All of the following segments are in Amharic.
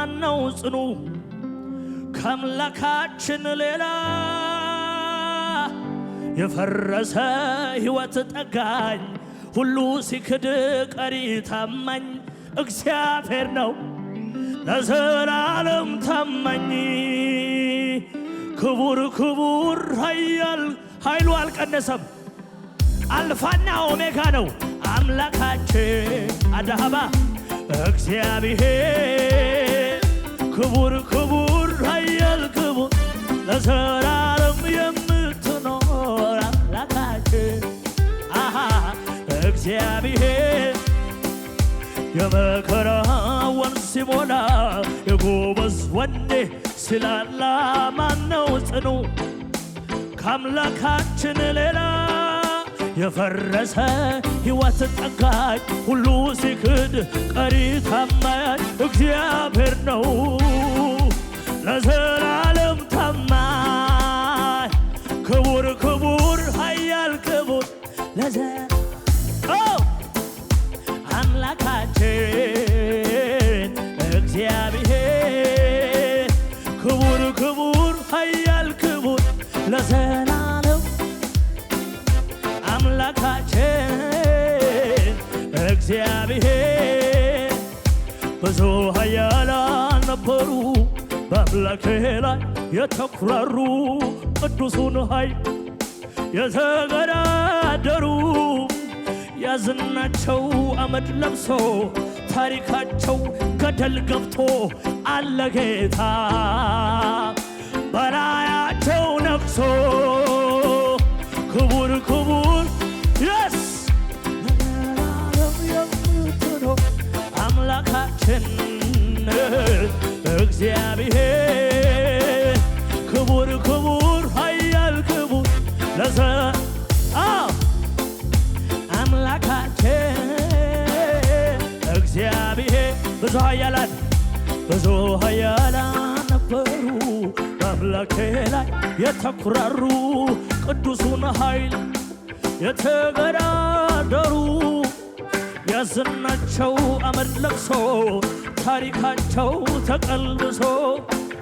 ማን ነው ጽኑ ከአምላካችን ሌላ? የፈረሰ ሕይወት ጠጋኝ ሁሉ ሲክድ ቀሪ ታማኝ እግዚአብሔር ነው ለዘላለም ታማኝ። ክቡር ክቡር ኃያል ኃይሉ አልቀነሰም። አልፋና ኦሜጋ ነው አምላካችን አዳሃባ እግዚአብሔር ክቡር ክቡር ኃያል ክቡር ለዘላለም የምትኖር አምላካችን እግዚአብሔር የመከራው ወንዝ ሲሞላ የጎበዝ ወኔ ሲላላ ማነው ጽኑ ከአምላካችን ሌላ የፈረሰ ሕይወት ጠጋኝ ሁሉ ሲክ ዘንድ ቀሪ ታማኝ እግዚአብሔር ነው ለዘላለም ታማኝ ክቡር ክቡር ኃያል ክቡር ለዘ አምላካችን እግዚአብሔር ክቡር ክቡር ኃያል ክቡር ለዘላለም አምላካችን እግዚአብሔር ብዙ ኃያላን ነበሩ በአምላኬ ላይ የተኩራሩ ቅዱሱን ኃይል የተገዳደሩ ያዝናቸው አመድ ለብሶ ታሪካቸው ገደል ገብቶ አለ ጌታ በላያቸው ነፍሶ እግዚአብሔር ክቡር ክቡር ኃያል ክቡር ለዘራ አምላካችን እግዚአብሔር ብዙ ኃያላት ብዙ ኃያላን ነበሩ በአምላኬ ላይ የተኩራሩ ቅዱሱን ኃይል የተገዳደሩ ያዘናቸው አመድ ለቅሶ ታሪካቸው ተቀልብሶ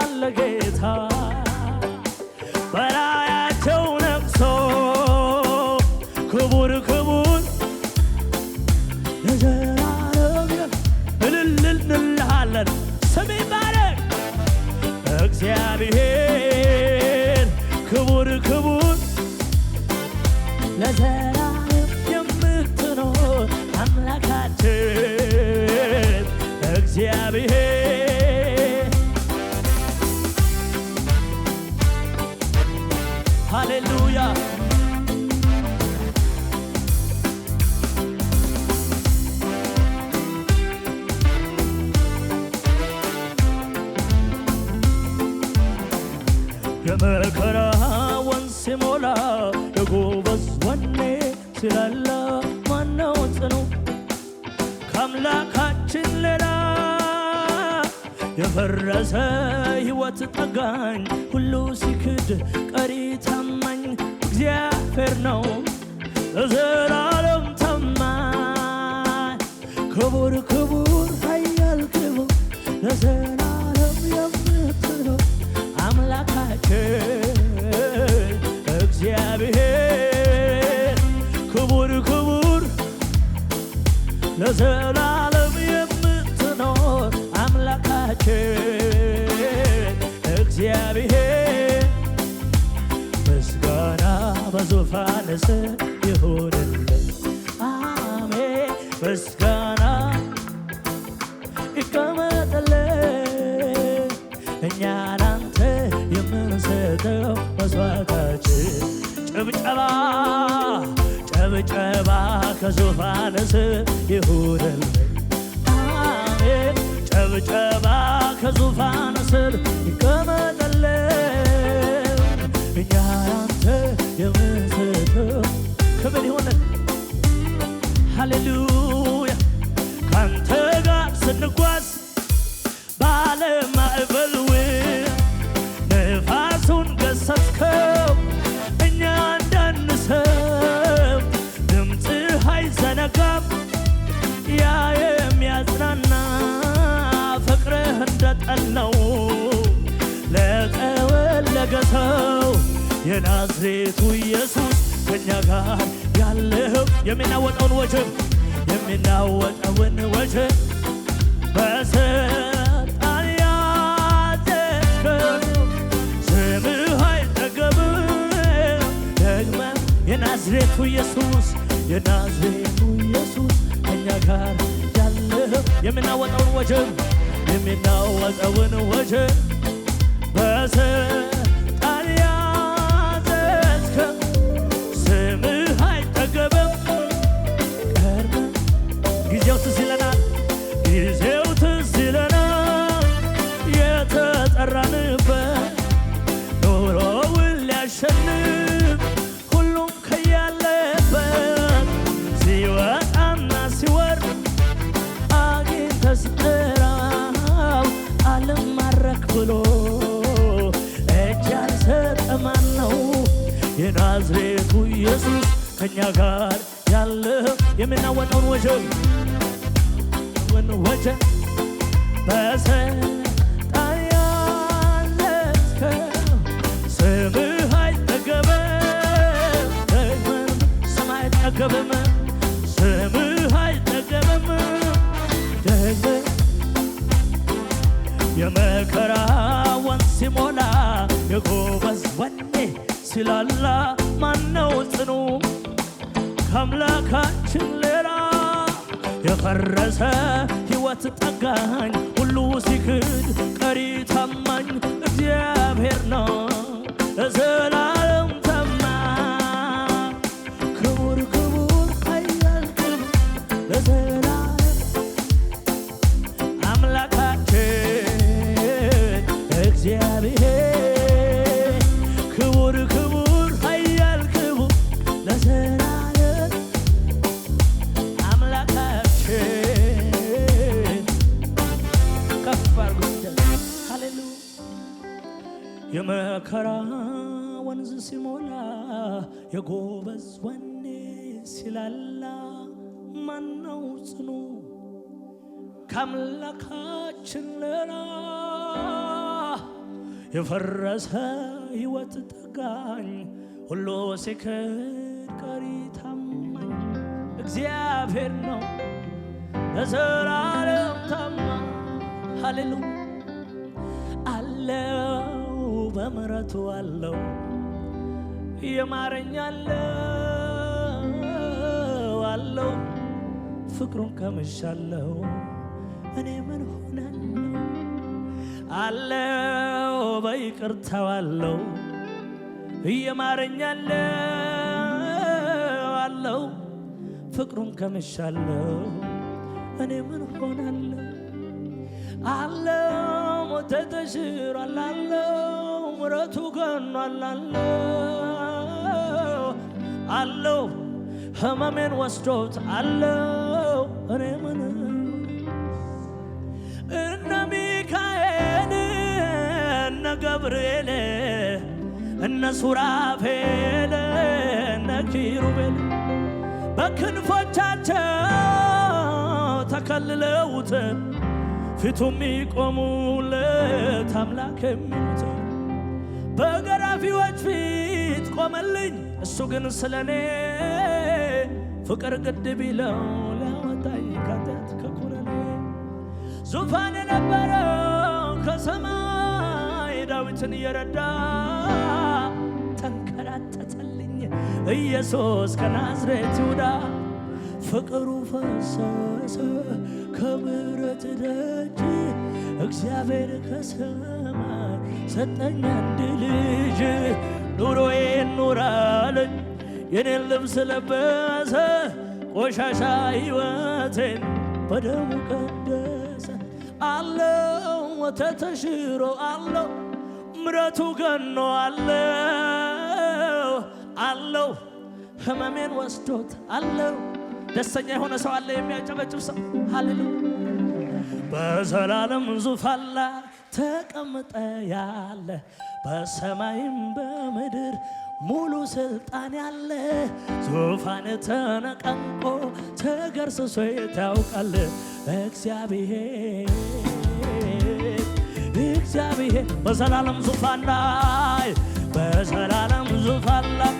አለ ጌታ በላያቸው ነቅሶ ክቡር ክቡር ለዘላለም እልል እንልሃለን። ስሜ ባረክ እግዚአብሔር ክቡር ክቡር ለዘላለም የምትኖር አምላካችን የመከራ ሲሞላ የጎበዝ ወኔ ስላለ ማነው ጽኑ ከአምላካችን ሌላ የፈረሰ ሕይወት ጠጋኝ ሁሉ ሲክድ ቀሪ ታማኝ እግዚአብሔር ነው ለዘላለም ታማኝ ክቡር ክቡር ኃያል ክቡር ለዘላለም የምትኖር አምላካችን እግዚአብሔር ምስጋና በዙፋን ስር ይሁንልን። አሜን ምስጋና ይቀመጥልን እኛ ላንተ የምንሰጠው መስዋዕታችን ጭብጨባ ጭብጨባ ከዙፋን ስር ይሁንልኝ አሜን። ጭብጨባ ከዙፋን ስር ይቀመጥልን እኛ ያንተ የምስክር ክብር ሃሌሉያ የነገሰው የናዝሬቱ ኢየሱስ ከእኛ ጋር ያለህው የሚናወጠውን ወጀብ የሚናወጠውን ወጀብ በስልጣን ያዘዝከው ስምህ አይጠገብም። ደግመህ የናዝሬቱ ኢየሱስ የናዝሬቱ ኢየሱስ ከእኛ ጋር ያለህው የሚናወጠውን ወጀብ የሚናወጠውን ወጀብ በስል ሲጠራው ዓለም ማረክ ብሎ እጅ ያልሰጠ ማን ነው? የናዝሬቱ ኢየሱስ ከእኛ ጋር ያለ የምናወጣውን ስምህ ስምህ የመከራ ወንዝ ሲሞላ የጎበዝ ወኔ ሲላላ ማነው ጽኑ ከአምላካችን ሌላ? የፈረሰ ሕይወት ጠጋኝ ሁሉ ሲክድ ቀሪ ታማኝ እግዚአብሔር ነው እዘላ የጎበዝ ወኔ ሲላላ ማነው ጽኑ ከአምላካችን ሌላ የፈረሰ ሕይወት ጠጋኝ ሁሉ ሲክድ ቀሪ ታማኝ እግዚአብሔር ነው ለዘላለም ታማኝ ሃሌሉ አለው በምሕረቱ አለው የማረኛለው አለው ፍቅሩን ከምሻለው እኔ ምን ሆናለው አለው በይቅርታው አለው እየማረኛለው አለው ፍቅሩን ከምሻለው እኔ ምን ሆናለው አለው ሞተ ተሽሯል አለው ምረቱ ገኗላለው አለው ህመሜን ወስዶት አለው እኔ ምን እነ ሚካኤል እነ ገብርኤል እነ ሱራፌል እነ ኪሩቤል በክንፎቻቸው ተከልለውት ፊቱም ይቆሙለት አምላክ የሚሉት በገራፊዎች ፊት ቆመልኝ። እሱ ግን ስለኔ ፍቅር ግድ ቢለው ሊያወጣኝ ከኃጢአት ከኩነኔ ዙፋን የነበረው ከሰማይ ዳዊትን እየረዳ ተንከራተተልኝ ኢየሱስ ከናዝሬት ይሁዳ ፍቅሩ ፈሰሰ ከምረት ደጅ እግዚአብሔር ከሰማይ ሰጠኝ አንድ ልጅ ኑሮዬ ኑራለኝ የኔን ልብስ ለበሰ ቆሻሻ ሕይወቴን በደሙ ቀደሰ አለው ተተሽሮ አለው ምረቱ ገኖ አለው አለው ህመሜን ወስዶት አለው ደስተኛ የሆነ ሰው አለ የሚያጨበጭብ ሰው አለ በዘላለም ዙፋን ላይ ተቀምጠ ያለ በሰማይም በምድር ሙሉ ስልጣን ያለ ዙፋን ተነቀንቆ ተገርስሶ ታውቃል። እግዚአብሔር እግዚአብሔር በዘላለም ዙፋን ላይ በዘላለም ዙፋን ላይ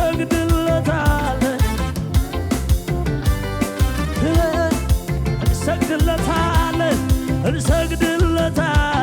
እንሰግድለታለን እንሰግድለታለን እንሰግድለታለን